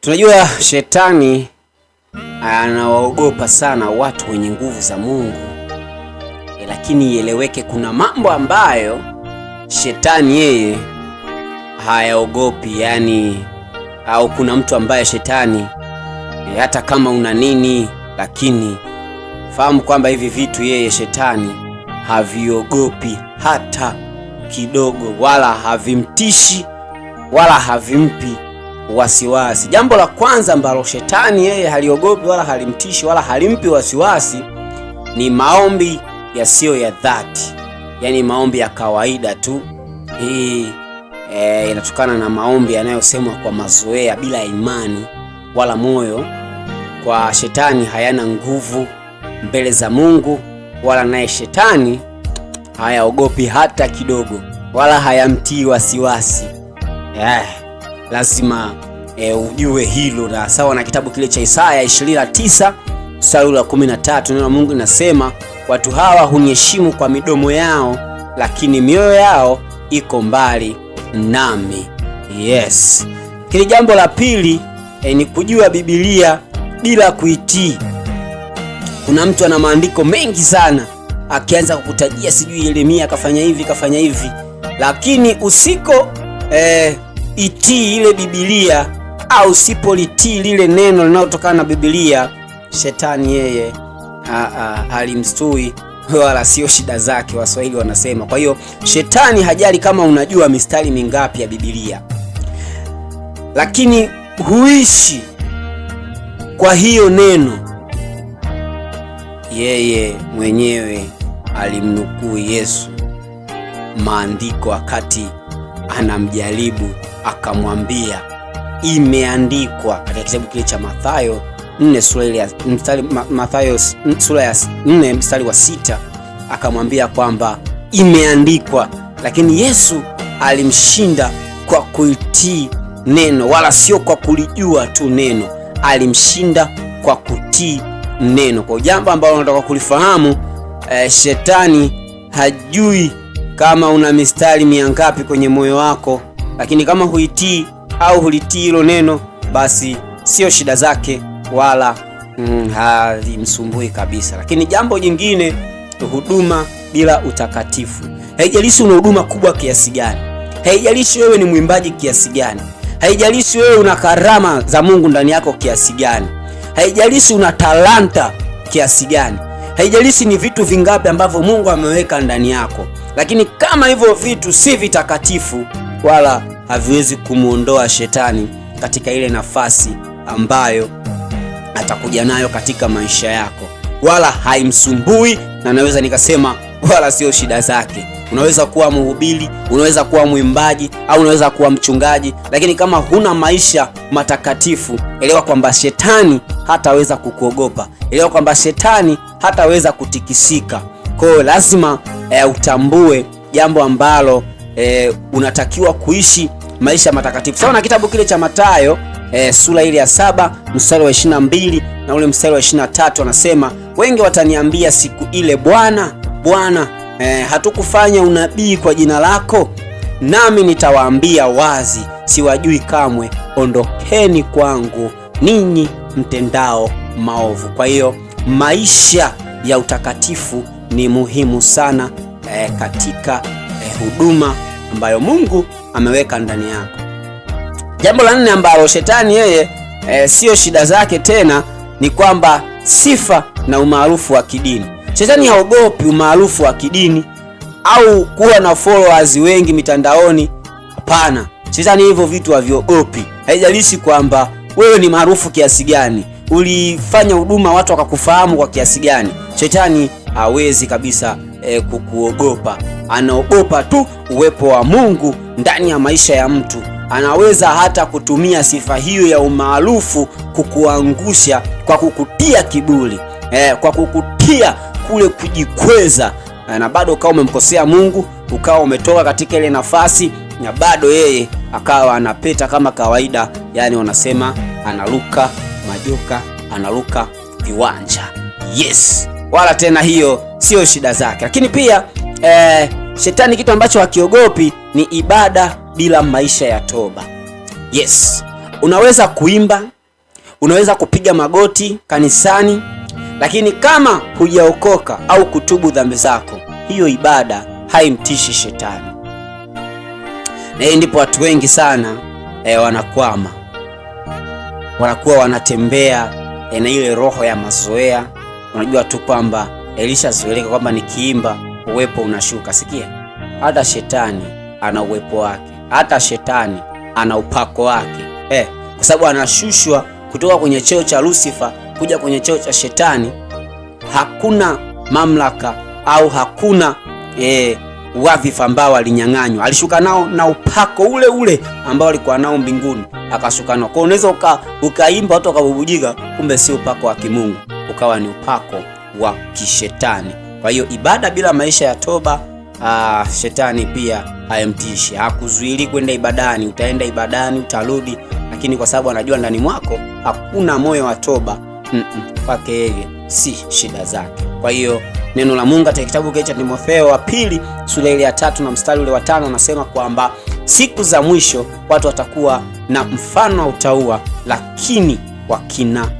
Tunajua shetani anawaogopa sana watu wenye nguvu za Mungu, e, lakini ieleweke, kuna mambo ambayo shetani yeye hayaogopi, yani au kuna mtu ambaye shetani e, hata kama una nini, lakini fahamu kwamba hivi vitu yeye shetani haviogopi hata kidogo, wala havimtishi wala havimpi wasiwasi. Jambo la kwanza ambalo shetani yeye haliogopi wala halimtishi wala halimpi wasiwasi ni maombi yasiyo ya dhati, yaani maombi ya kawaida tu. Hii e, inatokana na maombi yanayosemwa kwa mazoea bila imani wala moyo, kwa shetani hayana nguvu mbele za Mungu, wala naye shetani hayaogopi hata kidogo, wala hayamtii wasiwasi Yeah lazima e, ujue hilo, na sawa na kitabu kile cha Isaya 29 mstari wa 13, neno la Mungu linasema watu hawa huniheshimu kwa midomo yao, lakini mioyo yao iko mbali nami. Yes, kile jambo la pili e, ni kujua Biblia bila kuitii. Kuna mtu ana maandiko mengi sana, akianza kukutajia sijui Yeremia kafanya hivi kafanya hivi, lakini usiko eh, itii ile Biblia au sipolitii lile neno linalotokana na Biblia, shetani yeye halimstui wala sio shida zake, Waswahili wanasema. Kwa hiyo shetani hajali kama unajua mistari mingapi ya Biblia, lakini huishi kwa hiyo neno. Yeye mwenyewe alimnukuu Yesu maandiko wakati anamjaribu akamwambia imeandikwa katika kitabu kile cha Mathayo Mathayo sura ya 4 mstari wa sita akamwambia kwamba imeandikwa, lakini Yesu alimshinda kwa kuitii neno, wala sio kwa kulijua tu neno, alimshinda kwa kutii neno. Kwa jambo ambalo unataka kulifahamu, eh, shetani hajui kama una mistari miangapi kwenye moyo wako lakini kama huitii au hulitii hilo neno, basi sio shida zake wala mm, halimsumbui kabisa. Lakini jambo jingine, huduma bila utakatifu. Haijalishi una huduma kubwa kiasi gani, haijalishi wewe ni mwimbaji kiasi gani, haijalishi wewe una karama za Mungu ndani yako kiasi gani, haijalishi una talanta kiasi gani, haijalishi ni vitu vingapi ambavyo Mungu ameweka ndani yako, lakini kama hivyo vitu si vitakatifu wala haviwezi kumwondoa shetani katika ile nafasi ambayo atakuja nayo katika maisha yako, wala haimsumbui, na naweza nikasema wala sio shida zake. Unaweza kuwa mhubiri, unaweza kuwa mwimbaji au unaweza kuwa mchungaji, lakini kama huna maisha matakatifu, elewa kwamba shetani hataweza kukuogopa, elewa kwamba shetani hataweza kutikisika. Kwa hiyo lazima e, utambue jambo ambalo e, unatakiwa kuishi maisha matakatifu sawa na kitabu kile cha matayo e, sura ile ya saba mstari wa 22 na ule mstari wa 23, anasema wengi wataniambia siku ile, Bwana Bwana, e, hatukufanya unabii kwa jina lako? Nami nitawaambia wazi, siwajui kamwe, ondokeni kwangu ninyi mtendao maovu. Kwa hiyo maisha ya utakatifu ni muhimu sana e, katika e, huduma ambayo Mungu ameweka ndani yako. Jambo la nne ambalo shetani yeye e, siyo shida zake tena ni kwamba sifa na umaarufu wa kidini. Shetani haogopi umaarufu wa kidini au kuwa na followers wengi mitandaoni. Hapana, shetani hivyo vitu haviogopi, haijalishi kwamba wewe ni maarufu kiasi gani, ulifanya huduma watu wakakufahamu kwa kiasi gani, shetani hawezi kabisa e, kukuogopa. Anaogopa tu uwepo wa Mungu ndani ya maisha ya mtu. Anaweza hata kutumia sifa hiyo ya umaarufu kukuangusha kwa kukutia kiburi, e, kwa kukutia kule kujikweza, eh, na bado ukawa umemkosea Mungu, ukawa umetoka katika ile nafasi, na bado yeye akawa anapeta kama kawaida, yani wanasema analuka majoka, analuka viwanja. Yes wala tena hiyo sio shida zake. Lakini pia eh, shetani kitu ambacho hakiogopi ni ibada bila maisha ya toba. Yes, unaweza kuimba, unaweza kupiga magoti kanisani, lakini kama hujaokoka au kutubu dhambi zako, hiyo ibada haimtishi shetani. Na hii ndipo watu wengi sana eh, wanakwama, wanakuwa wanatembea eh, na ile roho ya mazoea unajua tu kwamba Elisha asieleweke kwamba nikiimba uwepo unashuka. Sikia, hata shetani ana uwepo wake, hata shetani ana upako wake eh, kwa sababu anashushwa kutoka kwenye cheo cha Lucifer kuja kwenye cheo cha shetani. Hakuna mamlaka au hakuna eh, wadhifa ambao alinyang'anywa, alishuka nao na upako ule ule ambao alikuwa nao mbinguni akashuka nao. Kwa unaweza ukaimba watu wakabubujika, kumbe si upako wa kimungu ukawa ni upako wa kishetani. Kwa hiyo ibada bila maisha ya toba, aa, ah, shetani pia hayamtishi, hakuzuili kwenda ibadani. Utaenda ibadani, utarudi, lakini kwa sababu anajua ndani mwako hakuna moyo wa toba, kwake yeye si shida zake. Kwa hiyo neno la Mungu katika kitabu kile cha Timotheo wa pili sura ile ya tatu na mstari ule wa tano anasema kwamba siku za mwisho watu watakuwa na mfano wa utaua, lakini wakina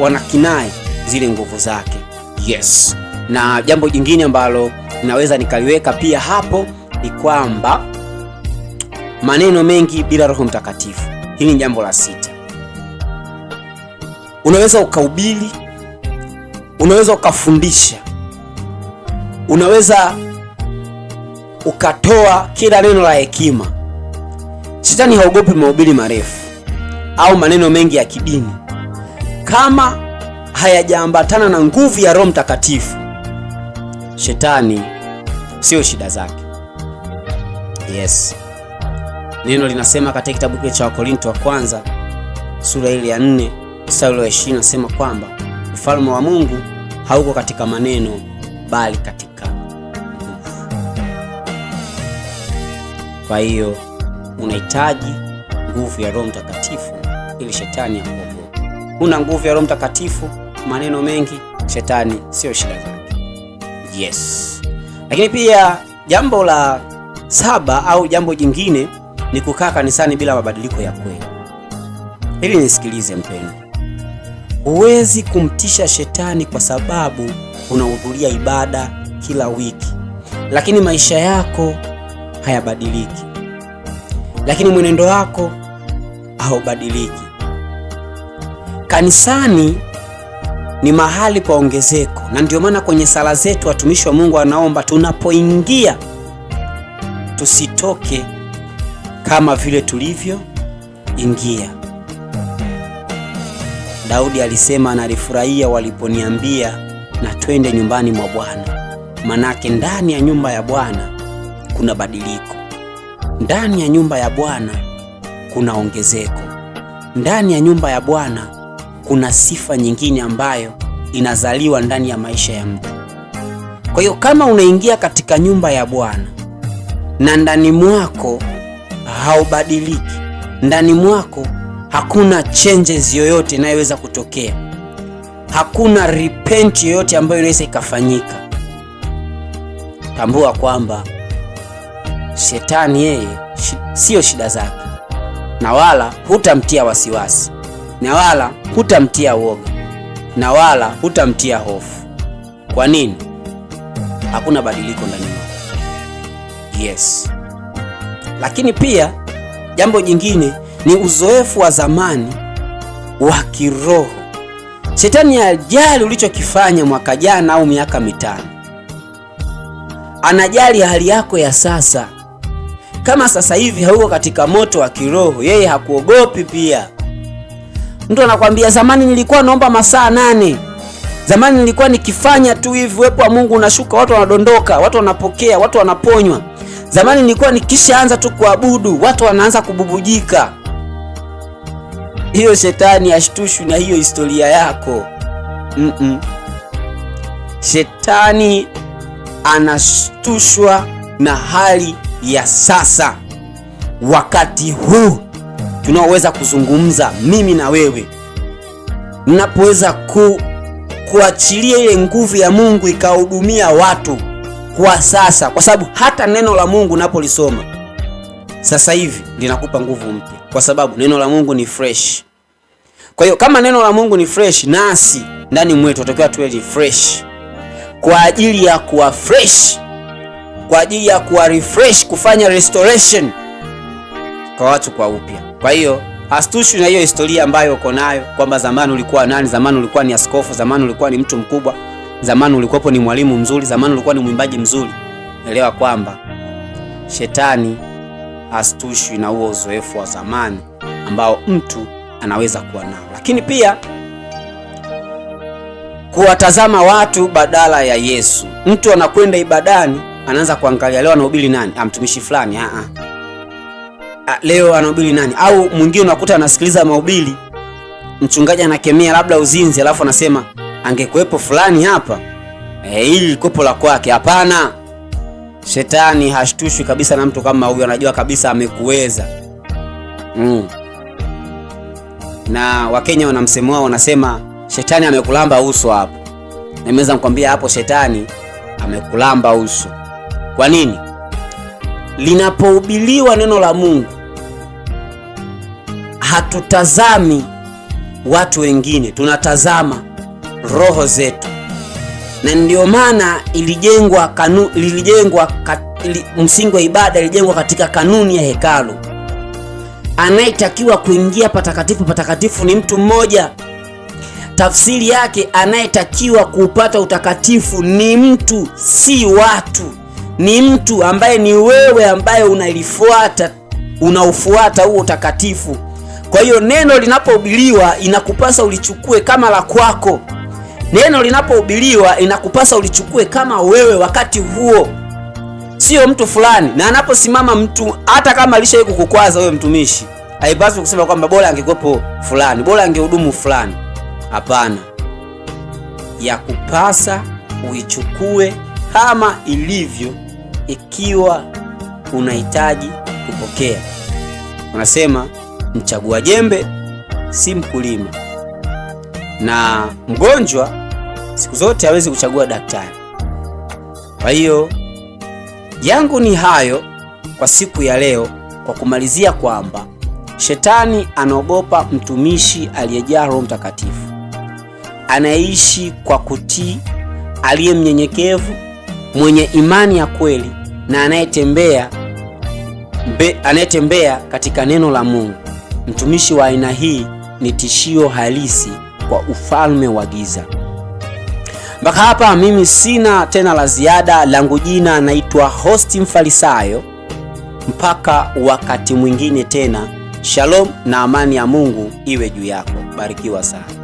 wanakinae zile nguvu zake. Yes, na jambo jingine ambalo naweza nikaliweka pia hapo ni kwamba maneno mengi bila Roho Mtakatifu, hili ni jambo la sita. Unaweza ukahubiri, unaweza ukafundisha, unaweza ukatoa kila neno la hekima. Shetani haogopi mahubiri marefu au maneno mengi ya kidini kama hayajaambatana na nguvu ya Roho Mtakatifu, shetani sio shida zake. Yes, neno linasema katika kitabu kile cha Wakorinto wa kwanza sura ile ya 4 mstari wa 20 nasema kwamba ufalme wa Mungu hauko katika maneno bali katika nguvu. Kwa hiyo unahitaji nguvu ya Roho Mtakatifu ili shetani akuogope. Huna nguvu ya Roho Mtakatifu, maneno mengi, shetani sio shida zake. Yes. Lakini pia jambo la saba au jambo jingine ni kukaa kanisani bila mabadiliko ya kweli. Hili nisikilize mpendwa, huwezi kumtisha shetani kwa sababu unahudhuria ibada kila wiki, lakini maisha yako hayabadiliki, lakini mwenendo wako haubadiliki. Kanisani ni mahali pa ongezeko, na ndio maana kwenye sala zetu watumishi wa Mungu anaomba tunapoingia tusitoke kama vile tulivyoingia. Daudi alisema analifurahia waliponiambia na twende nyumbani mwa Bwana, manake ndani ya nyumba ya Bwana kuna badiliko, ndani ya nyumba ya Bwana kuna ongezeko, ndani ya nyumba ya Bwana kuna sifa nyingine ambayo inazaliwa ndani ya maisha ya mtu. Kwa hiyo kama unaingia katika nyumba ya Bwana na ndani mwako haubadiliki, ndani mwako hakuna changes yoyote inayoweza kutokea, hakuna repent yoyote ambayo inaweza ikafanyika, tambua kwamba shetani yeye siyo shida zake, na wala hutamtia wasiwasi na wala hutamtia uoga na wala hutamtia hofu. Kwa nini? Hakuna badiliko ndani yako. Yes, lakini pia jambo jingine ni uzoefu wa zamani wa kiroho. Shetani ajali ulichokifanya mwaka jana au miaka mitano, anajali hali yako ya sasa. Kama sasa hivi hauko katika moto wa kiroho, yeye hakuogopi pia Mtu anakwambia zamani nilikuwa naomba masaa nane, zamani nilikuwa nikifanya tu hivi, uwepo wa Mungu unashuka, watu wanadondoka, watu wanapokea, watu wanaponywa. Zamani nilikuwa nikishaanza tu kuabudu, watu wanaanza kububujika. Hiyo shetani ashtushwi na hiyo historia yako. Mm -mm. Shetani anashtushwa na hali ya sasa, wakati huu tunaoweza kuzungumza mimi na wewe, mnapoweza ku, kuachilia ile nguvu ya Mungu ikahudumia watu kwa sasa, kwa sababu hata neno la Mungu unapolisoma sasa hivi linakupa nguvu mpya, kwa sababu neno la Mungu ni fresh. Kwa hiyo kama neno la Mungu ni fresh, nasi ndani mwetu tutakiwa tuwe ni fresh kwa ajili ya kuwa fresh, kwa ajili ya kuwa refresh, kufanya restoration kwa watu kwa upya. Kwa hiyo hastushwi na hiyo historia ambayo uko nayo kwamba zamani ulikuwa nani, zamani ulikuwa ni askofu, zamani ulikuwa ni mtu mkubwa, zamani ulikuwapo ni mwalimu mzuri, zamani ulikuwa ni mwimbaji mzuri, elewa kwamba shetani hastushwi na huo uzoefu wa zamani ambao mtu anaweza kuwa nao, lakini pia kuwatazama watu badala ya Yesu. Mtu anakwenda ibadani, anaanza kuangalia leo anahubiri nani, amtumishi ah, fulani. Ah, ah. Ah, leo anahubiri nani, au mwingine unakuta anasikiliza mahubiri, mchungaji anakemea labda uzinzi, alafu anasema angekuwepo fulani hapa e, eh, ili kopo la kwake. Hapana, shetani hashtushwi kabisa na mtu kama huyo, anajua kabisa amekuweza. mm. na Wakenya wana msemo wao, wanasema shetani amekulamba uso hapo. Nimeweza kukwambia hapo, shetani amekulamba uso. Kwa nini? Linapohubiliwa neno la Mungu hatutazami watu wengine, tunatazama roho zetu, na ndio maana ilijengwa kanu, ilijengwa kat, ili, msingi wa ibada ilijengwa katika kanuni ya hekalu. Anayetakiwa kuingia patakatifu patakatifu ni mtu mmoja. Tafsiri yake anayetakiwa kuupata utakatifu ni mtu, si watu, ni mtu ambaye ni wewe, ambaye unalifuata unaufuata huo utakatifu kwa hiyo neno linapohubiriwa inakupasa ulichukue kama la kwako. Neno linapohubiriwa inakupasa ulichukue kama wewe wakati huo, sio mtu fulani. Na anaposimama mtu, hata kama alishawahi kukukwaza wewe mtumishi, haipaswi kusema kwamba bora angekwepo fulani, bora angehudumu fulani. Hapana, ya kupasa uichukue kama ilivyo, ikiwa unahitaji kupokea. Unasema Mchagua jembe si mkulima, na mgonjwa siku zote hawezi kuchagua daktari. Kwa hiyo yangu ni hayo kwa siku ya leo, kwa kumalizia kwamba shetani anaogopa mtumishi aliyejaa Roho Mtakatifu, anayeishi kwa kutii, aliye mnyenyekevu, mwenye imani ya kweli na anayetembea anayetembea katika neno la Mungu. Mtumishi wa aina hii ni tishio halisi kwa ufalme wa giza. Mpaka hapa mimi sina tena la ziada, langu jina naitwa Hosti Mfarisayo. Mpaka wakati mwingine tena, shalom na amani ya Mungu iwe juu yako. Barikiwa sana.